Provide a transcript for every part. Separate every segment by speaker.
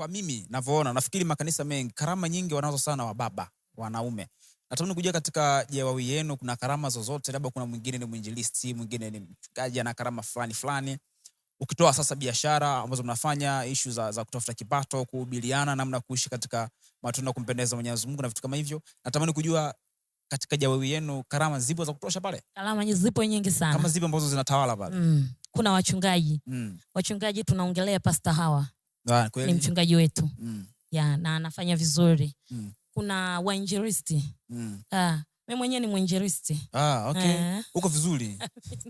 Speaker 1: kwa mimi navyoona, nafikiri makanisa mengi karama nyingi wanazo sana wababa wanaume. Natamani kujua katika jewawi yenu kuna karama zozote, labda kuna mwingine ni mwinjilisti, mwingine ni mchungaji, ana karama fulani fulani. Ukitoa sasa biashara ambazo mnafanya, ishu za, za kutafuta kipato, kuhubiliana, namna kuishi katika matunda, kumpendeza Mwenyezi Mungu na vitu kama hivyo, natamani kujua katika jewawi yenu karama zipo za kutosha pale?
Speaker 2: Karama zipo nyingi sana.
Speaker 1: Kama zipo ambazo zinatawala pale.
Speaker 2: Mm. Kuna wachungaji. Mm. Wachungaji tunaongelea pasta hawa ni mchungaji wetu mm. ya na anafanya vizuri mm. kuna wainjilisti mm. ah, mimi mwenyewe ni mwinjilisti.
Speaker 1: Ah, okay. ah. Uko vizuri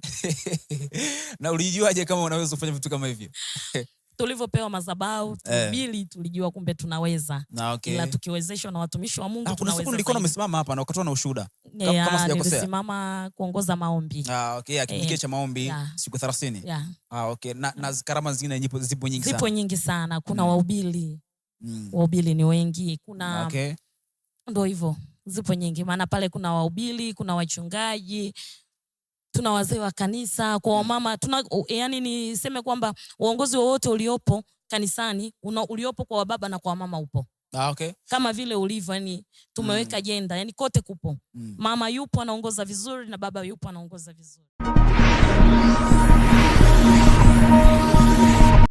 Speaker 1: na ulijuaje kama unaweza kufanya vitu kama hivyo?
Speaker 2: tulivyopewa madhabahu eh. tuhubiri, tulijua kumbe tunaweza na, okay. Ila tukiwezeshwa na watumishi wa Mungu
Speaker 1: ah, tunaweza. Nilikuwa nimesimama hapa na ukatoa na ushuhuda
Speaker 2: kama sijakosea, nilisimama kuongoza maombi
Speaker 1: ah, okay, kipindi eh, cha maombi siku 30 ah, okay. Na, na karama zingine zipo zipo nyingi sana,
Speaker 2: zipo nyingi sana. Kuna mm. wahubiri mm. wahubiri ni wengi, kuna okay. Ndio hivyo, zipo nyingi, maana pale kuna wahubiri, kuna wachungaji tuna wazee wa kanisa, kwa mm. wamama tuna yani, niseme kwamba uongozi wowote uliopo kanisani una, uliopo kwa wababa na kwa wamama upo. Ah, okay. Kama vile ulivyo yani tumeweka mm. jenda yani kote kupo mm. Mama yupo anaongoza vizuri na baba yupo anaongoza vizuri